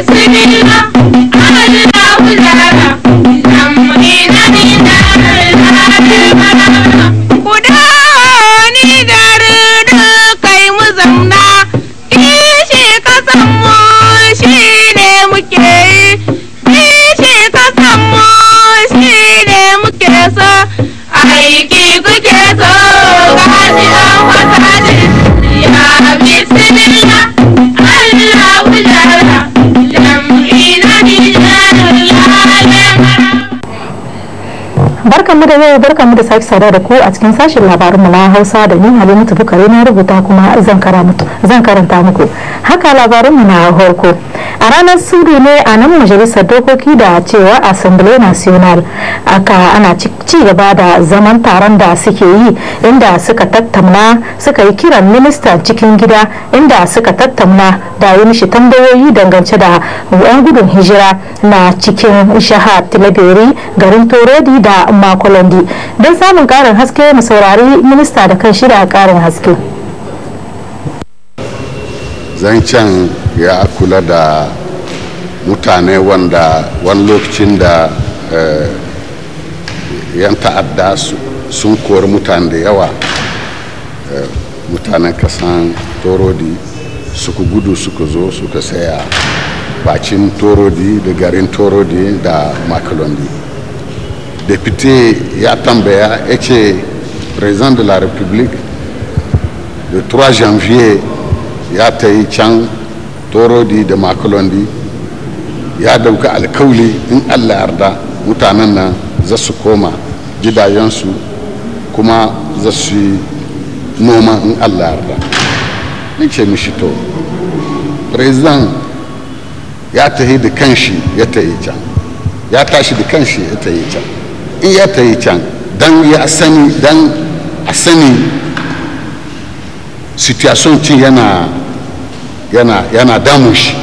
Yes, it is. barkanmu da yau barkanmu da sake sada da ku a cikin sashen labarin mu na Hausa da ni Halimatu Bukari na rubuta kuma zan karanta muku haka labarin mu na farko a ranar sirri ne a nan majalisar dokoki da cewa assembly national aka ana ci gaba da zaman taron da suke yi inda suka tattauna suka yi kiran minista cikin gida inda suka tattauna da yi mishi tambayoyi dangance da 'yan gudun hijira na cikin shaha tilaberi garin toredi da makolandi don samun karin haske mu saurari minista da kan da karin haske. zancen ya kula da mutane wanda wani lokacin da eh, yan ta'adda sun kori mutane da yawa eh, mutanen kasan torodi suka gudu suka zo suka saya bacin torodi da garin torodi da makalondi Depite ya tambaya ya ce president de la republique le 3 janvier ya ta yi can torodi da makulondi ya dauka alkauli in allah yarda mutanen nan za su koma gidayensu kuma za su yi noma in allah yarda in ce mishi to president ya ta yi da kanshi ya ta yi can ya tashi da kanshi ya ta yi can in ya ta yi can don ya sani don a sani situation yana yana yana damun shi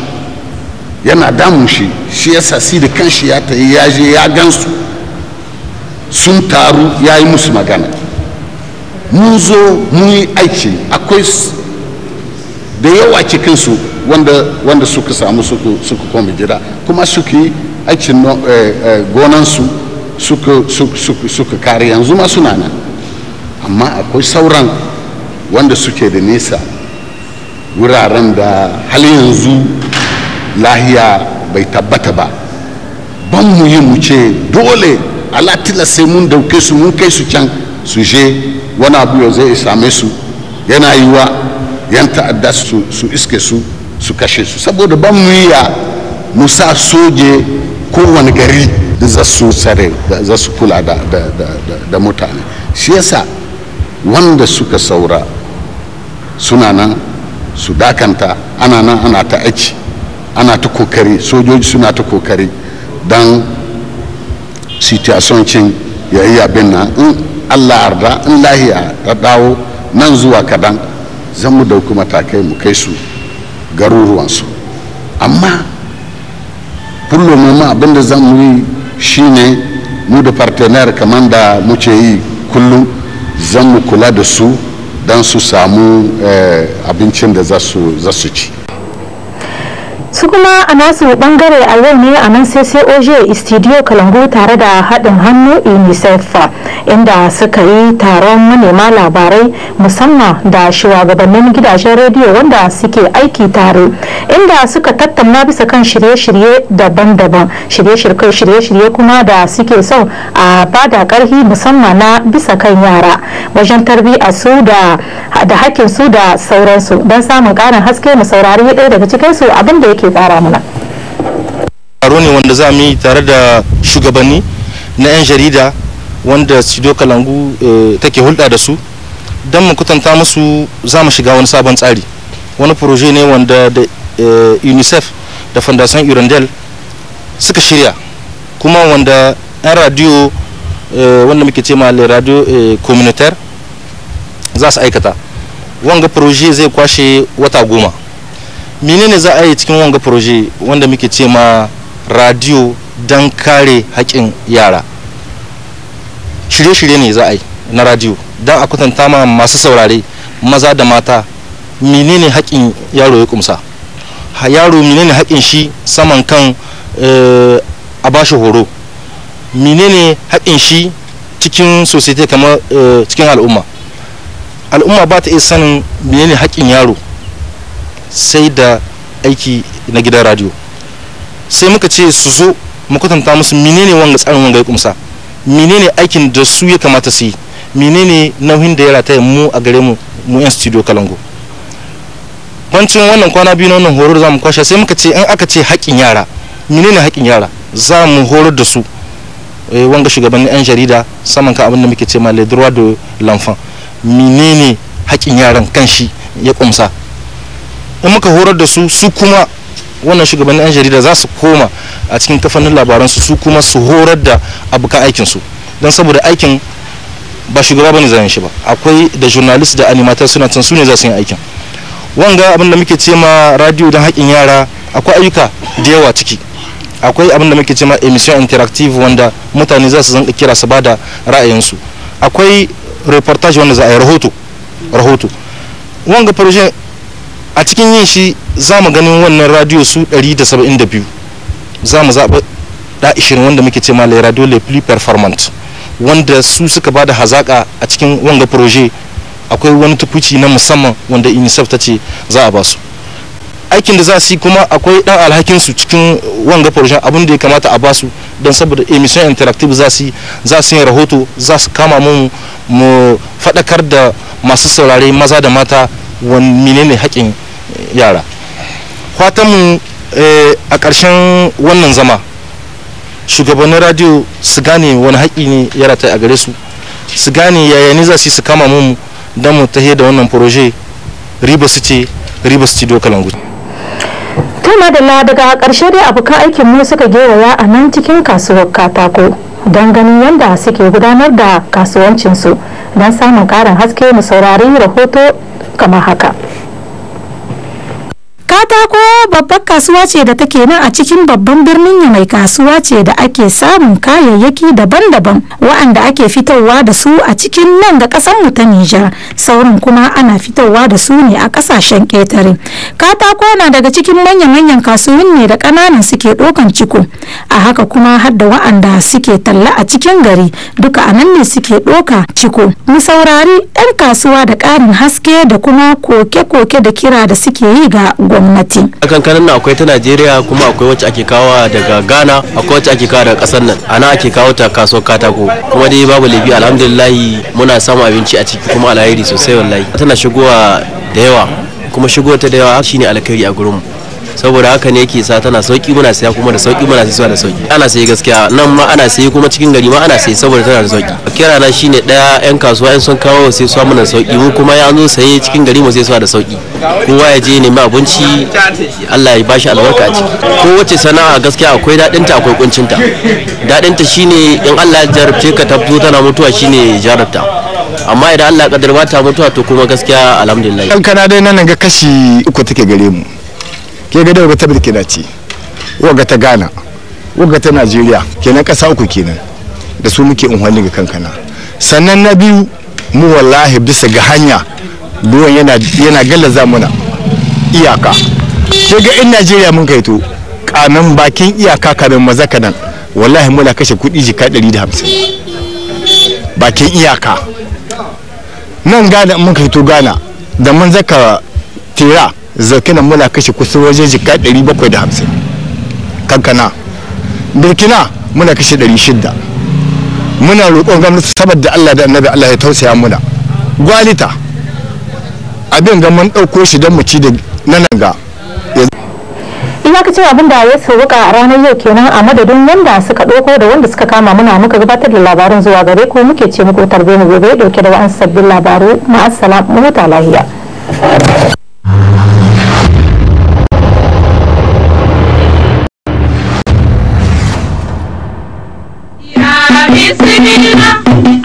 yana damun shi shi ya sasi da kanshi ya ta ya je ya gansu sun taru ya yi musu magana mun zo mun yi aiki akwai da yawa su wanda wanda suka samu suka koma gida kuma eh, eh, suka yi aikin su suka kare yanzu ma suna nan amma akwai sauran wanda suke da nesa wuraren da hali yanzu lahiya bai tabbata ba ban mu yi mu ce dole al'atila sai mun dauke su mun kai su can su je wani abu yau zai same su yana wa yan ta'adda su iske su su kashe su saboda ban mu ya musa soje kowane gari za su sare za su kula da mutane shi yasa wanda suka saura suna nan su dakanta ana nan ana ta aiki ana ta kokari sojoji suna ta kokari don situation cin ya yi abin nan in allah arda in lahiya ta dawo nan zuwa kadan zan mu dauki matakai mu kai su garuruwansu amma kullum ma abin zan mu yi shine mu da partenaire kamar da muke yi kullum zan mu kula da su dan su samu eh, abincin da za su ci su kuma a nasu bangare a yau ne a nan COJ studio kalangu tare da haɗin hannu unicef inda suka yi taron manema labarai musamman da shugabannin gidajen rediyo wanda suke aiki tare inda suka tattauna bisa kan shirye-shirye daban-daban shirye-shirye kuma da suke son a bada karhi musamman na bisa kan yara wajen tarbiyya su da hakkin su da sauransu don samun ƙarin haske mu saurari ɗaya daga su abin da yake ke tsara mana taro ne wanda za mu yi tare da shugabanni na 'yan jarida wanda studio kalangu eh, take hulɗa da su don mu kutanta musu za mu shiga wani sabon tsari wani proje ne wanda da eh, unicef da fondation urundel suka shirya kuma wanda 'yan radio eh, wanda muke ce ma radio communautaire za su aikata wanga proje zai kwashe wata goma menene za a yi cikin wanga proje wanda muke ce ma radio don kare haƙƙin yara shirye-shirye ne za a yi na radio don a kwatanta ma masu saurare maza da mata menene haƙƙin yaro ya kumsa yaro menene haƙƙin shi saman kan eh, a ba shi horo menene haƙƙin shi cikin society kamar eh, cikin al'umma al'umma ba ta iya sanin menene haƙƙin yaro sai da aiki na gidan radio sai muka ce su zo mu kwatanta musu menene wanga tsarin wanga ya kumsa menene aikin da su ya kamata su yi menene nauyin da ya rataya mu a gare mu mu yan studio kalango bancin wannan kwana biyu na wannan horo za mu kwashe sai muka ce in aka ce haƙƙin yara menene haƙƙin yara za mu horar da su eh, wanga shugabannin 'yan jarida saman ka abin da muke ce ma le droit de l'enfant menene haƙƙin yaran kan shi ya kumsa in muka horar da su su kuma wannan shugabannin 'yan jarida za su koma a cikin kafanin labaransu su kuma su horar da abokan aikinsu don saboda aikin ba shugaba bane zan shi ba akwai da journalist da animator suna can su ne za su yi aikin wanga abin da muke ce ma radio don haƙin yara akwai ayyuka da yawa ciki akwai abin da muke ce ma emission interactive wanda mutane za su zanka kira su bada ra'ayinsu akwai reportage wanda za a yi rahoto rahoto wanga proje a cikin yin shi za mu ganin wannan radio su 172 za mu zaɓa da 20 wanda muke ce ma le radio le plus performant wanda su suka ba da hazaƙa a cikin wanga proje akwai wani tukuci na musamman wanda unicef ta ce za a ba aikin da za su yi kuma akwai dan alhakin su cikin wanga proje abin da ya kamata a basu su don saboda emission interactive za su yi za su yi rahoto za su kama mu mu faɗakar da masu saurare maza da mata wani menene haƙin yara fatanmu eh, a ƙarshen wannan zama shugabannin radio su gane wani haƙi ne yara ta a gare su su gane yaya ne za su su kama mu don mu tahe da wannan proje riba su ce riba su ce doka guji tana da daga ƙarshe dai abokan aikin mu suka gewaya a nan cikin kasuwar katako don ganin yadda suke gudanar da kasuwancinsu don samun ƙarin haske mu saurari rahoto kamar haka Та-та! babbar kasuwa ce da take nan a cikin babban birnin ya mai kasuwa ce da ake samun kayayyaki daban-daban wa'anda ake fitowa da su a cikin nan da ƙasar mu ta Nijar saurin kuma ana fitowa da su ne a kasashen ƙetare katako na daga cikin manya-manyan ne da ƙananan suke ɗaukan ciko a haka kuma har da wa'anda suke talla a cikin gari duka a nan ne suke ɗoka ciko mu saurari 'yan kasuwa da ƙarin haske da kuma koke-koke da kira da suke yi ga gwamnati kankanan nan akwai ta najeriya kuma akwai wacce ake kawo daga ghana akwai wacce ake kawo daga kasar nan a nan ake kawo ta kaso katako kuma dai babu laifi alhamdulillahi muna samun abinci a ciki kuma alheri sosai wallahi tana shigowa da yawa kuma shigowa ta da yawa shine alkhairi a gurinmu saboda haka ne yake sa tana sauki muna saya kuma da sauki muna saya da sauki ana sayi gaskiya nan ma ana sayi kuma cikin gari ma ana sayi saboda tana da sauki kira na shine daya yan kasuwa yan sun kawo sai su mana sauki mu kuma ya zo saye cikin gari mu sai su da sauki kowa ya je nemi abinci Allah ya bashi albarka a ciki ko wace sana'a gaskiya akwai dadin ta akwai kuncin ta dadin ta shine in Allah ya jarabce ka tabzo tana mutuwa shine jarabta amma idan Allah ya kaddara ba ta mutuwa to kuma gaskiya alhamdulillah kana dai nan ga kashi uku take gare mu ke ga daga ta burkina ce waga ta ghana waga ta najeriya kenan kasa uku kenan da su muke unhwani ga kankana sannan na biyu mu wallahi bisa ga hanya ruwan yana yana zamuna. iyaka ke ga in najeriya mun kai to kanan bakin iyaka kanan maza kanan wallahi muna kashe kudi jika 150 bakin iyaka nan gana mun kai to gana da mun zaka tera zaukina muna kashe kusan wajen jika 750 kankana birkina muna kashe 600 muna roƙon gwamnati saboda allah da annabi allah ya tausaya muna gwalita abin ga mun ɗauko shi don mu ci da nanan ga iyakacin abin da ya sauka a ranar yau kenan a madadin wanda suka ɗauko da wanda suka kama muna muka gabatar da labarin zuwa gare ko muke ce muku tarbe mu gobe dauke da wa'an sabbin labaru ma'assalam mu huta lahiya Thank you.